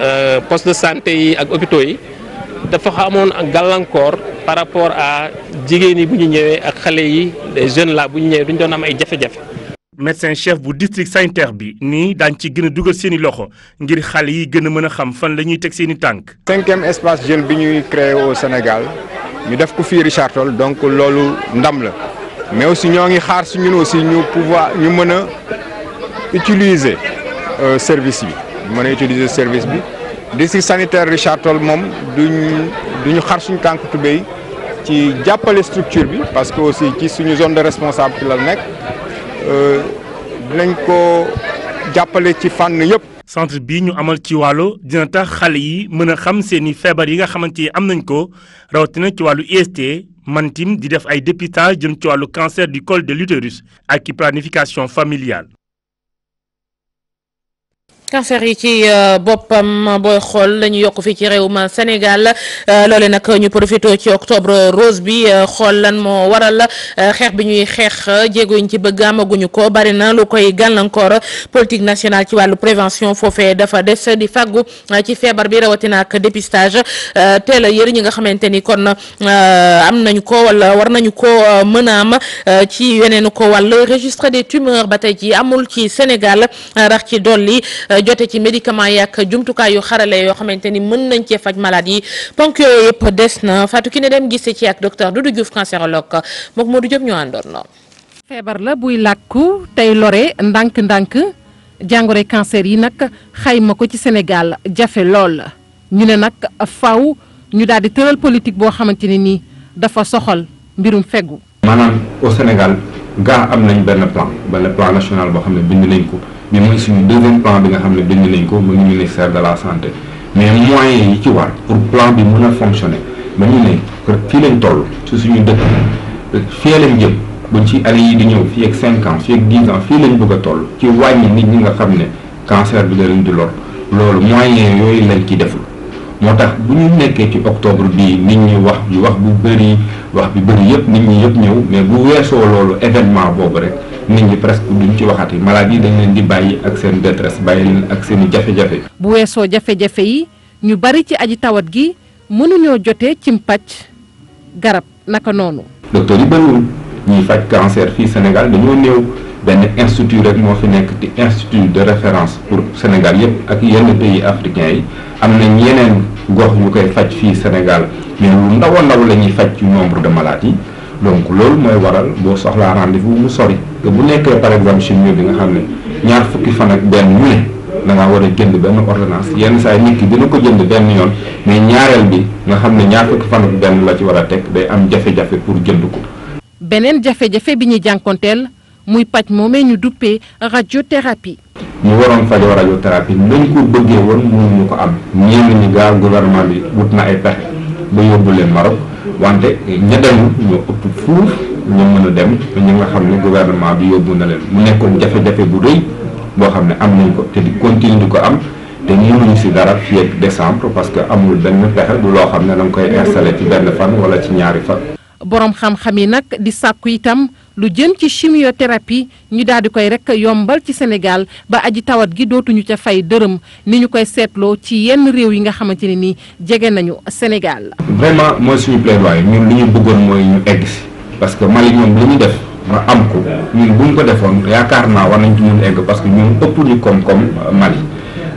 Euh, poste de santé yi ak hôpitaux yi dafa amoon gàllankoor par rapport à jigéen yi bu ñu ñëwee ak xale yi les jeunes là bu ñu ñëwee duñ doon am ay jafe-jafe. médecin chef bu district sanitaire bi nii daañ ci gën a dugal seen i loxo ngir xale yi gën a mën a xam fan la ñuy teg seen i tànk. cinquième espace jeune bi ñuy créé au Sénégal ñu def ko fii Richard Toll donc loolu ndam la mais aussi ñoo ngi xaar si ñun aussi ñu pouvoir ñu mën a utiliser euh, service yi mën a utiliser service bi district sanitaire Richard Toll moom duñ duñu xar suñu tànk tubéy ci jàppale structure bi parce que aussi ci suñu zone de responsable ci la nekk euh, nañ ko jàppale ci fànn yëpp. centre bii ñu amal ci wàllu dina tax xale yi mën a xam seen i feebar yi nga xamante ni am nañ ko rawatina ci wàllu IST mantim di def ay dépistage jëm ci wàllu cancer du col de l'utérus ak ci planification familiale. cancer yi ci euh, boppam booy xool la ñu yokk fii ci réewum Sénégal euh, loole nag ñu profité ci octobre rose bi euh, xool lan moo waral xeex bi ñuy xeex jéego yi ñu ci bëgg amaguñu ko bari na lu koy gàllankoor politique nationale ci wàllu prévention foofee dafa des di fàggu ci feebar bi rawatina ak dépistage teel a yër ñi nga xamante ni kon am nañu ko wala war nañu ko mën a am ci yeneen ko wàll registre des tumeurs ba tey ji amul ci Sénégal rax ci dolli. jote ci médicament yi jumtukaay yu xarale yoo xamante ni mën nañ cee faj malade yi ponk yooyu yëpp des na ki ne dem gise ci ak docteur Doudou Diouf cancérologue mook Modou Diop ñoo àndoon noonu. feebar la buy làkku tey lore ndànk-ndànk jàngoro cancer yi nag xayma ko ci Sénégal jafe lool la ñu ne nag faw ñu daal di tëral politique boo xamante ne nii dafa soxal mbirum fegu. maanaam au Sénégal. gaa am nañ benn plan benn plan national boo xam ne bind nañ ko mais mooy suñu deuxième plan bi nga xam ne bind nañ ko mu ngi ministère de la santé mais moyens yi ci war pour plan bi mën a fonctionner ba ñu ne fii lañ toll ci suñu dëkk fii lañ jëm bu ci année yi di ñëw fii ak 5 ans fii ak fii lañ bëgg a toll ci wàññi nit ñi nga xam ne cancer bi da leen di lor loolu moyens yooyu lañ ci deful moo tax bu ñu nekkee ci octobre bii nit ñi wax ju wax wax bi bëri yëpp nit ñi yëpp ñëw mais bu weesoo loolu événement boobu rek nit ñi presque duñ ci waxati malade yi dañ leen di bàyyi ak seen détresse bàyyi leen ak seen i jafe-jafe. bu weesoo jafe-jafe yi ñu bari ci aji tawat gi mënuñoo jotee ci pàcc garab naka noonu. docteur yi bëriwul ñuy faj cancer fii Sénégal dañoo néew. benn institut rek moo fi nekk di institut de référence pour Sénégal yëpp ak yenn pays africains yi am nañ yeneen gox yu koy faj fii Sénégal mais lu ndaw a ndaw la ñuy faj ci nombre de malades yi donc loolu mooy waral boo soxlaa rendez-vous mu sori te bu nekkee par exemple chimio bi nga xam ne ñaar fukki fan ak benn ñu ne da ngaa war a jënd benn ordonnance yenn saa yi nit ki dina ko jënd benn yoon mais ñaareel bi nga xam ne ñaar fukki fan ak benn la ci war a teg day am jafe-jafe pour jënd ko. beneen jafe-jafe bi ñuy jànkonteel muy paj moomee ñu duppee radiothérapie. ñu waroon fajoo radiothérapie nañ ko bëggee woon mënuñu ko am ñenn ñi bi wut na ay ba yóbbu leen Maroc wante ña demul ñoo ëpp fuuf ñu mën a dem ñi nga xam ne gouvernement bi yóbbu na leen mu nekkoon jafe-jafe bu rëy boo xam ne am nañ ko te di continuer di ko am te mënuñu si dara fii ak décembre parce que amul benn pexe bu loo xam ne da nga koy installé ci benn fan wala ci ñaari fan. borom xam-xam yi nag di sàkku itam. lu jën ci chimiothérapie ñu daal di koy rek yombal ci Sénégal ba aji tawat gi dootuñu ca fay dërëm ni ñu koy seetloo ci yenn réew yi nga xamante ne nii jege nañu Sénégal. vraiment mooy suñu plaidoyer ñun li ñu bëggoon mooy ñu egg si parce que Mali ñoom li ñu def ma am ko ñun bu ñu ko defoon yaakaar naa war nañ ci ñun egg parce que ñun ëpp ñu koom-koom euh, Mali.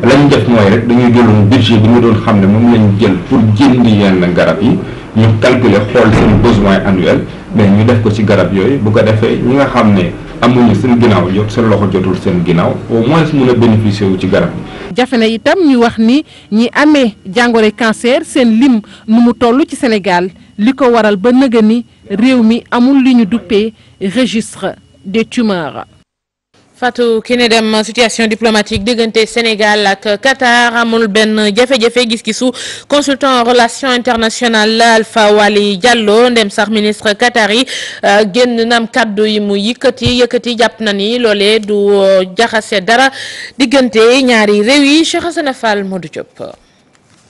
la ñu def mooy rek dañuy jëloon budget bi nga doon xam ne moom la ñu jël pour jëndi yenn garab yi. ñu calculer xool seen besoin annuel mais ñu def ko ci garab yooyu bu ko defee ñi nga xam ne amuñu seen ginnaaw jot seen loxo jotul seen ginnaaw oo moins mun a bénéficier wu ci garab bi. jafe na itam ñu wax ni ñi amee jàngore cancer seen lim nu mu toll ci Sénégal li ko waral ba nëga réew mi amul li ñu duppee registre des tumeurs. Fatou Kiné Deme situation diplomatique diggante Sénégal ak Qatar amul benn jafe-jafe gis-gisu consultant relation internationale Alpha Wali Diallo ndem sax ministre Qatar yi euh, génn nam kaddu yi mu yëkkati yëkkati jàpp na ni loole du euh, jaxase dara diggante ñaari réew yi Cheikh Hassana Fall Modou Diop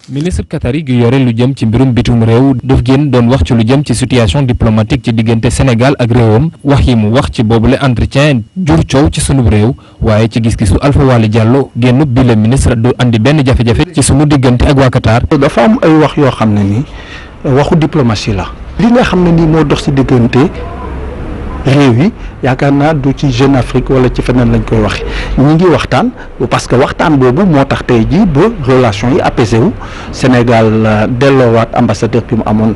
ministre Qatari gi yore lu jëm ci mbirum bitum réew daf génn doon wax ci lu jëm ci situation diplomatique ci diggante Sénégal ak réewam wax yi mu wax ci boobule entretien jur coow ci sunu réew waaye ci gis-gisu alfa Wali jàlloo génn bi le ministre du andi benn jafe-jafe ci sunu diggante ak waa Qatar. dafa am ay wax yoo xam ne ni waxu diplomatie la. li nga xam ne nii moo dox si diggante. réew yi yaakaar naa du ci Jeune Afrique wala ci feneen lañ koy waxe ñi ngi waxtaan parce que waxtaan boobu moo tax tey jii ba relation yi apaisé wu Sénégal euh, delloowaat ambassadeur bi mu amoon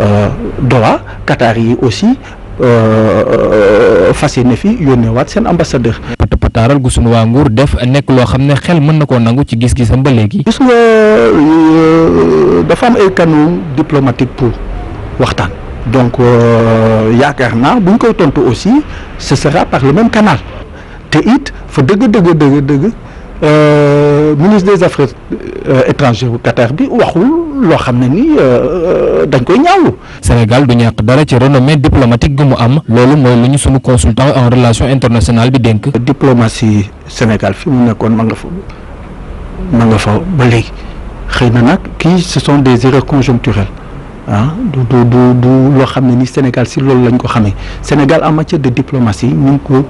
euh, Doha Qatar yi aussi euh, fas yéene fi yónneewaat seen ambassadeur. pata pataaral gu sunu waa nguur def nekk loo xam ne xel mën na koo nangu ci gis-gisam ba léegi. gis nga dafa am ay canaux pour waxtaan. donc euh, yaakaar naa bu ñu koy tontu aussi ce sera par même canal te it fa dëgg dëgg dëgg dëgg euh, ministre des affaires euh, étrangères bu Qatar bi waxul loo xam ne ni dañ koy ñaawlu. Sénégal du ñàkk bari ci renommée diplomatique gu mu am loolu mooy lu ñu sunu consultant en relation internationale bi dénk. diplomatie Sénégal fi mu nekkoon ma nga fa ma nga fa ba léegi xëy na nag kii ce sont des erreurs conjoncturelles. ah du du du du loo xam ne ni Sénégal si loolu lañ ko xamee Sénégal en matière de diplomatie ñu ngi ko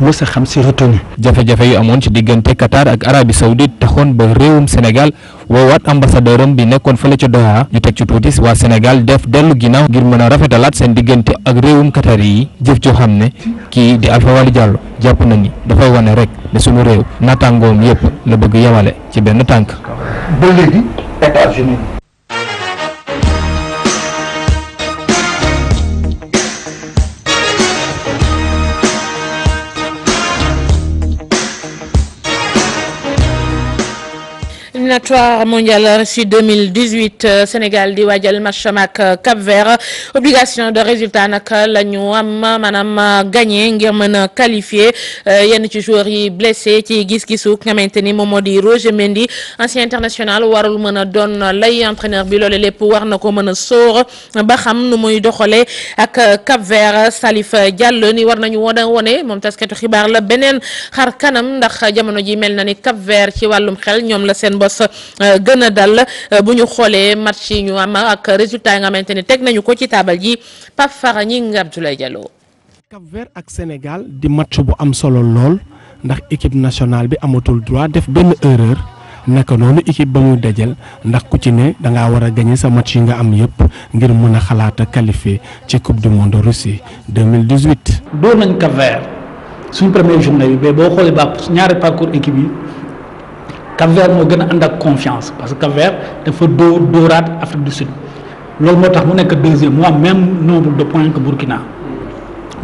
mës a xam si retenu jafe-jafe yu amoon ci diggante Qatar ak Arabie Saoudite taxoon ba réewum Sénégal woowaat ambassadeur am bi nekkoon fa fële ca Doha ñu teg ci tuutis waa Sénégal def dellu ginnaaw ngir mën a rafetalaat seen diggante ak réewum Qatar yi jëf joo xam ne kii di Alpha Wali jàll jàpp na ni dafay wane rek ne suñu réew naataangoom yëpp la bëgg yemale ci benn tànk. éliminatoire mondial Russie euh, Sénégal di waajal match am ak euh, Cap Vert obligation de résultat nag la ñu am maanaam euh, gagné ngir mën a qualifié yenn ci joueurs yi blessé ci gis-gisu nga xamante ni moom moo di Roger Mendy ancien international warul mën a lay entraîneur bi loole lépp war na ko mën a sóor ba xam nu muy doxalee ak Cap Vert Salif Diallo ni war nañu wone wone moom taskatu xibaar la beneen xar kanam ndax jamono ji mel na ni Cap Vert ci wàllum xel ñoom la seen boss Euh, gën a dal euh, bu ñu xoolee match yi ñu am ak résultat yi nga xamante ne teg nañu ko ci taabal ji Pape Fara ñi nga Abdoulaye Diallo. Cap Vert ak Sénégal di match bu am solo lool ndax équipe nationale bi amatul droit def benn erreur. naka noonu équipe ba mu dajal ndax ku ci ne da ngaa war a gagné sa match yi nga am yëpp ngir mën a xalaat a qualifié ci coupe du monde Russie 2018. door Cap Vert suñ première journée bi mais boo xoolee ba ñaari parcours équipe yi. Cap-Vert moo gën a ànd ak confiance parce que Cap-Vert dafa dóor dóoraat Afrique du Sud loolu moo tax mu nekk deuxième mu am même nombre de points que Burkina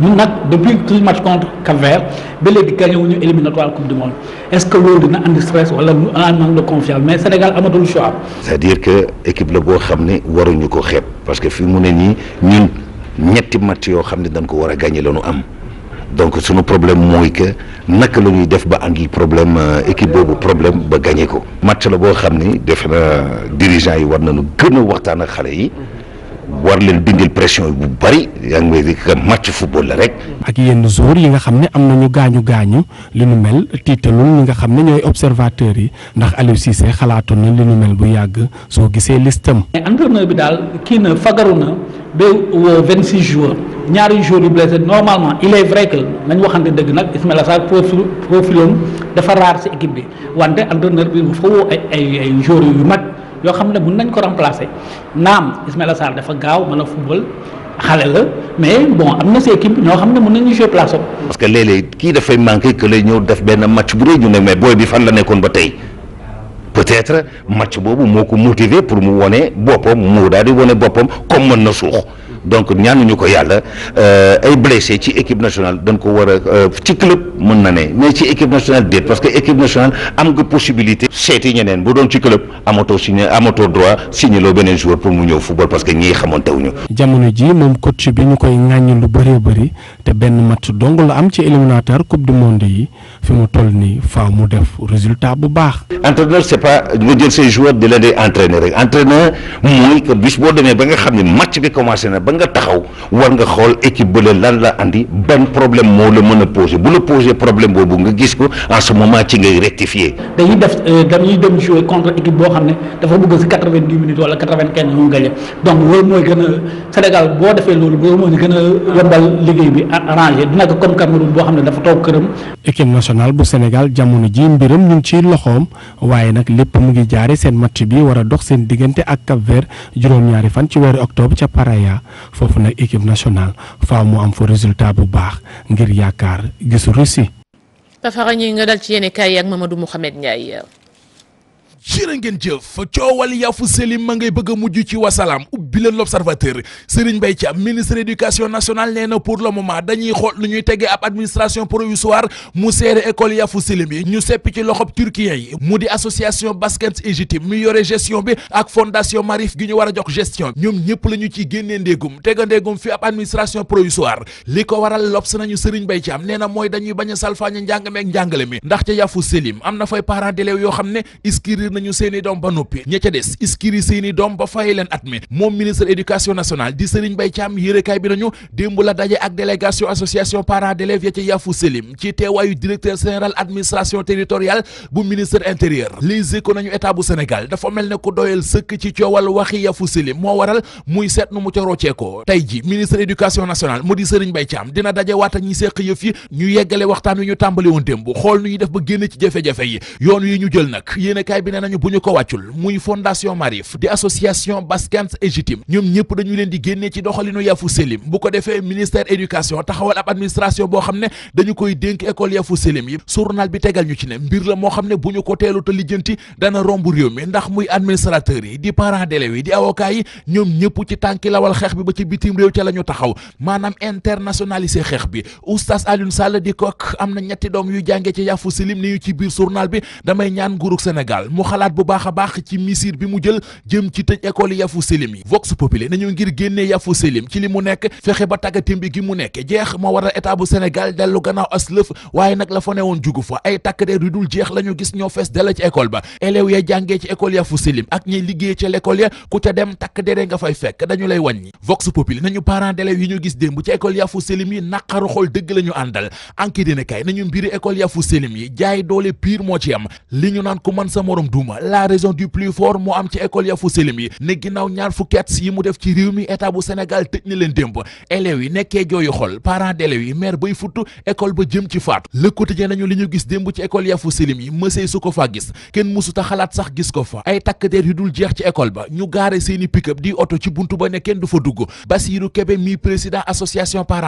ñun nag depuis suñu match contre cap ba léegi gagné wu ñu éliminatoire coupe du monde est-ce que loolu dina andi stress wala mu en confiance mais Sénégal amatul choix. c'est-à-dire que équipe la boo xam ne waruñu ko xeeb parce que fi mu ne nii ñun ñetti match yoo xam ne dañ ko war a gagné la am. donc suñu problème mooy que naka la ñuy def ba andi problème euh, équipe boobu problème ba gagné ko match la boo xam ni defe na dirigeant yi war nañu gën a waxtaan ak xale yi. war leen dindil pression bu bëri yaa ngi may di kan match football la rek. ak yenn jour yi nga xam ne am nañu gaañu gaañu li nu mel tiitalul ñi nga xam ne ñooy observateurs yi ndax Aliou Cissé xalaatoon na li nu mel bu yàgg soo gisee listam. mais entraîneur bi daal kii na fagaru na ba euh, vingt six joueurs ñaari joueurs yu blessé normalement il est vrai que nañ waxante dëgg nag Ismaïla Sarr profil profiloom dafa raar si équipe bi wante entraîneur bi mu fa ay ay ay yu mag. yoo xam ne mun nañ ko remplacer naam Ismaïla Sarr dafa gaaw mën a football xale la mais bon am na ses équipe ñoo xam ne mun nañu jouer place am. parce que léeg kii dafay manqué que lay ñëw def benn match bu rëy ñu ne mais booy bi fan la nekkoon ba tey peut-être match boobu moo ko motiver pour mu wone boppam mu daal di wone boppam comme mën na suux. donc ñaanuñu ko yàlla euh, ay blessé ci équipe nationale dañ ko war a euh, ci club mën na ne mais ci équipe nationale déet parce que équipe nationale am nga possibilité seeti ñeneen bu doon ci club amato signé amatoo droit signé beneen joueur pour mu ñëw football parce que ñii xamante wuñu jamono ji moom coach bi ñu koy ŋàññ lu bëree bëri te benn match dong la am ci éliminatoire coupe du monde yi fi mu toll nii faaw mu def résultat bu baax. entraîneur c'est pas nga jël say joueurs di leen di ba nga xam ne match bi commencé na. ba nga taxaw war nga xool équipe bële lan la andi benn problème moo la mën a posé bu la posé problème boobu nga gis ko en ce moment ci ngay rectifier. dañuy def euh, dañuy dem jouer contre équipe boo xam ne dafa bëgg si quatre vingt dix minutes wala quatre vingt quinze mu gagné donc loolu mooy gën Sénégal boo defee loolu loolu mooy gën yombal liggéey bi arrangé dina ko comme Cameroun boo xam ne dafa toog këram. équipe nationale bu Sénégal jamono ji mbiram ñu ngi ciy loxoom waaye nag lépp mu ngi jaare seen match bi war a dox seen diggante ak Cap Vert juróom-ñaari fan ci weeru octobre ca Paraya. foofu nag équipe nationale faaw mu am fa résultat bu baax ngir yaakaar gis Russie. Tafara nga dal ci yéen kaay ak Mamadou Mouhamed Ndiaye. jërë ngeen jëf coowal yafu selim ma ngay bëgg a mujj ci wasalaam ubbi leen l'observateur Serigne Mbaye Thiam ministre éducation nationale nee na pour le moment dañuy xool nu ñuy tegee ab administration provisoire mu seere école yafu selim yi ñu seppi ci loxob turquien yi mu di association Baskets Égypte mi yore gestion bi ak fondation Marif gi ñu war a jox gestion ñoom ñëpp la ñu ciy génnee ndéegum tega ndéegum fi ab administration provisoire li ko waral lobs nañu Serigne Mbaye Thiam nee na mooy dañuy bañ a salfaañe njàng meek njàngale mi ndax ca na yoo xam ne inscrire nañu seeni doom ba noppi ña ca des seeni doom ba fay leen at mi moom ministre éducation nationale di Serigne Mbaye Thiam yéerekaay bi nañu démb la daje ak délégation association parents d'élèves ya ca Yafou Selim ci teewaayu directeur général administration territoriale bu ministère intérieur les éco nañu état bu Sénégal dafa mel ne ku doyal sëkk ci coowal waxi Yafou Selim moo waral muy seet nu mu ca rocceekoo tey ji ministre éducation nationale mu di Serigne Mbaye Thiam dina daje waat ak ñi seq yëf yi ñu yeggale wi ñu tàmbali woon démb xool nu ñuy def ba génn ci jafe-jafe yi yoon yi nee nañu bu ñu ko wàccul muy fondation Marif di association Baskans Égitime ñoom ñëpp dañu leen di génnee ci doxalinu Yafu Selim bu ko defee ministère éducation taxawal ab administration boo xam ne dañu koy dénk école Yafu Selim yi journal bi tegal ñu ci ne mbir la moo xam ne bu ñu ko teelu te lijjanti dana romb réew mi ndax muy administrateurs yi di parents d'élèves yi di avocats yi ñoom ñëpp ci tànki lawal xeex bi ba ci bitim réew ca la taxaw maanaam xalaat bu baax a baax ci misir bi mu jël jëm ci tëj école Yafu Selim yi Vox Populi nañu ngir génnee Yafu Selim ci li mu nekk fexe ba tàggatimbi gi mu nekk jeex moo waral état bu Sénégal dellu gannaaw as lëf waaye nag la fa woon jugu fa ay takk der yu dul jeex la ñu gis ñoo fees dala école ba élèves ya jàngee ci école Yafu Selim ak ñi liggéey ca l'école ya dem takk dere nga fay fekk dañu lay wàññi Vox Populi nañu parents d'élèves yi gis démb ci école Yafu Selim yi naqaru xol dëgg la ñu àndal enquête dina nañu mbiri école Yafu Selim yi jaay doole pire moo ci am li ñu naan ku man sa morom du tuuma la raison du plus fort moo am ci école ya fu selim yi ne ginnaaw ñaar fukki at yi mu def ci réew mi état bu Sénégal tëj na leen démb élèves yi nekkee jooyu xol parents d'élèves yi maire bay futt école ba jëm ci faatu le quotidien nañu li ñu gis démb ci école ya fu selim yi mësee su ko faa gis kenn musuta xalaat sax gis ko fa ay takk der yu dul jeex ci école ba ñu gaare seeni pick di oto ci buntu ba ne kenn du fa dugg Bassirou Kébé mi président association a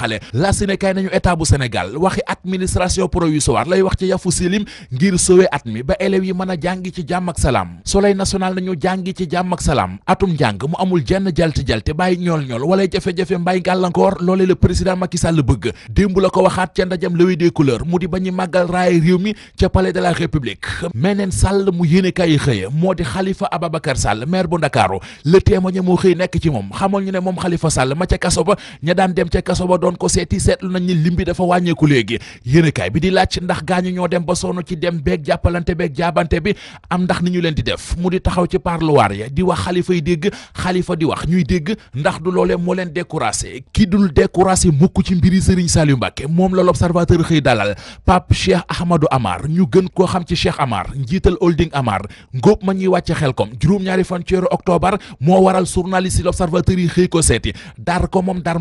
jaaxale la si ne kay nañu état bu Sénégal waxi administration provisoire lay wax ci yafu silim ngir sowe at mi ba élèves yi mën a jàngi ci jàmm ak salaam soleil national nañu jàngi ci jàmm ak salaam atum njàng mu amul jenn jalti-jalti bàyyi ñool-ñool wala jafe-jafe mbay gàllankoor loolee le président Macky Sall bëgg démb la ko waxaat ca ndajam levée des couleurs mu di ba ñu màggal raay réew mi ca palais de la république meneen Sall mu yéene kaay xëye moo di Khalifa Ababacar Sall maire bu Ndakaaru le témoignage moo nekk ci moom xamal ñu ne moom Khalifa Sall ma ca kaso ba ña daan dem ca kaso ba doon ko seeti seetlu nañ ni lim bi dafa wàññeeku léegi yéenekaay bi di laaj ndax gaañu ñoo dem ba sonn ci dem beeg jàppalante beeg jaabante bi am ndax ni ñu leen di def mu di taxaw ci parloir ya di wax xalifa yi dégg xalifa di wax ñuy dégg ndax du loolee moo leen découragé ki dul découragé mukk ci mbiri Serigne Saliou Mbacké moom la l'observateur xëy dalal Pape Cheikh Ahmadou Amar ñu gën koo xam ci Cheikh Amar njiital holding Amar ngóob ma ñuy wàcce Xelkom juróom-ñaari fan ci weeru octobre moo waral journaliste yi l'observateur yi xëy ko seeti dar ko moom dar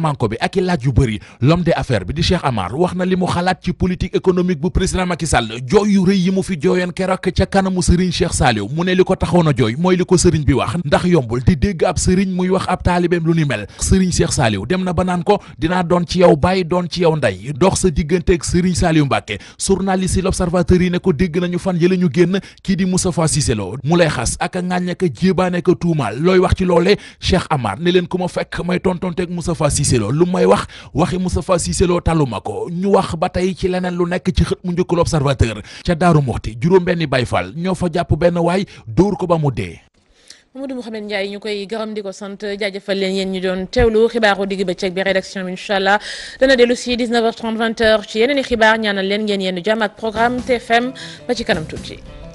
yu bëri bi l'homme affaire bi di Cheikh amaar wax na li mu xalaat ci politique économique bu président Macky Sall jooy yu rëy yi mu fi jooyoon keroog ca kanamu Serigne Cheikh Saliou mu ne li ko taxoon a jooy mooy li ko Serigne bi wax ndax yombul di dégg ab Serigne muy wax ab taalibeem lu ni mel Serigne Cheikh Saliou dem na ba naan ko dina doon ci yow bàyyi doon ci yow ndey dox sa digganteeg Serigne Saliou Mbacké journaliste yi l'observateur yi ne ko dégg nañu fan yële ñu génn kii di Moustapha Cissé Lo mu lay xas ak a ŋàññ ak a jéebaane ka tuumaal looy wax ci loolee Cheikh Amar ne leen ku ma fekk may tontonteeg Moustapha Cissé Lo lu may wax wax waxi Moustapha Cissé Lo taluma ko ñu wax ba tey ci leneen lu nekk ci xët mu njëkk l'Observateur ca Daaru Muxti juróom-benni bayfal ñoo fa jàpp benn waay dóor ko ba mu dee Mamadou Mouhamed Ndiaye ñu koy gërëm di ko sant jaajëfal leen yéen ñi doon teewlu xibaaru digg bëccëg bi rédaction bi incha allah dana dellu si 19h30 20 ci yeneen i xibaar ñaanal leen ngeen yenn jàmm ak programme TFM ba ci kanam tuuti